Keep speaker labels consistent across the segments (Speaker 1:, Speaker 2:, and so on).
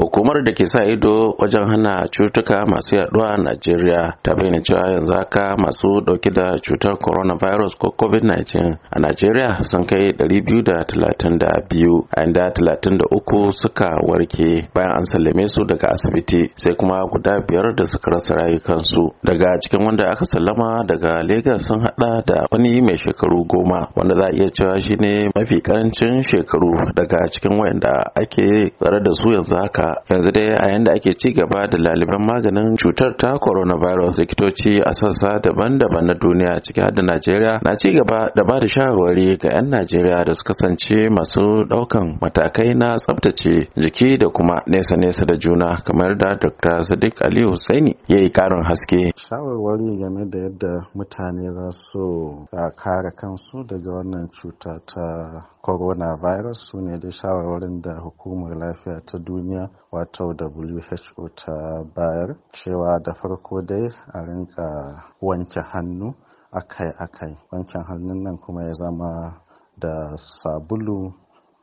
Speaker 1: hukumar da ke sa ido wajen hana cutuka masu yaduwa a najeriya ta bayyana cewa yanzu haka masu dauke da cutar coronavirus ko covid-19 a najeriya sun kai 232 a inda 33 suka warke bayan an sallame su daga asibiti sai kuma guda biyar da suka rasa rayukansu daga cikin wanda aka sallama daga Legas sun hada da wani mai shekaru goma wanda za a iya cewa shine mafi karancin shekaru daga cikin wayanda ake tsare da su yanzu haka ta yanzu dai a yanda ake ci gaba da laliban maganin cutar ta coronavirus likitoci a sassa daban-daban na duniya ciki har da najeriya na ci gaba da ba da shawarwari ga 'yan najeriya da su kasance masu ɗaukan matakai na tsabtace jiki da kuma nesa-nesa da juna kamar da dr sadiq ali hussaini ya yi karin haske
Speaker 2: shawarwari game da yadda mutane za su kare kansu daga wannan cuta ta coronavirus su ne da shawarwarin da hukumar lafiya ta duniya wato WHO ta bayar cewa da farko dai a rinka wanke hannu akai-akai wanke hannun nan kuma ya zama da sabulu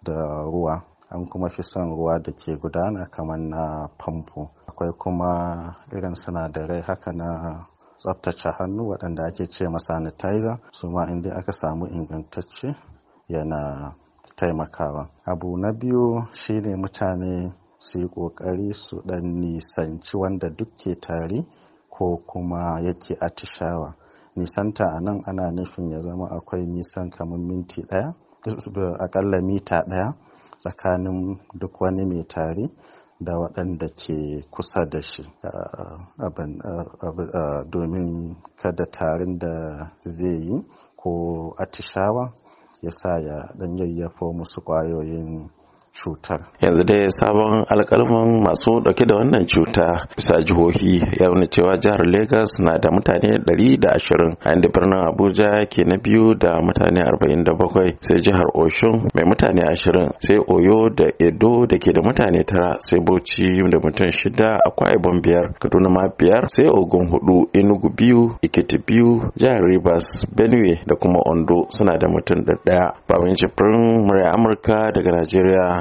Speaker 2: da ruwa an kuma fi son ruwa da ke gudana kamar na famfo akwai kuma irin sinadarai haka na tsaftace hannu waɗanda ake ce ma sanitizer su ma inda aka samu ingantacce yana taimakawa abu na biyu shine mutane su yi ƙoƙari su ɗan nisanci wanda duk ke tari ko kuma yake atishawa nisanta a nan ana nufin ya zama akwai nisan kamar minti ɗaya akalla mita ɗaya tsakanin duk wani mai tari da waɗanda ke kusa da shi domin kada tarin da zai yi ko atishawa ya sa ya ɗan yayyafo musu ƙwayoyin cutar
Speaker 1: yanzu dai sabon alkalmin masu dauke da wannan cuta bisa jihohi ya nuna cewa jihar Legas na da mutane 120 a inda birnin abuja ke na biyu da mutane 47 sai jihar oshun mai mutane 20 sai oyo da edo da ke da mutane tara sai bauchi da mutum shida akwai ibon biyar kaduna ma biyar sai ogun hudu enugu biyu ikiti biyu jihar rivers benue da kuma ondo suna da mutum da daya babin jibrin murya amurka daga najeriya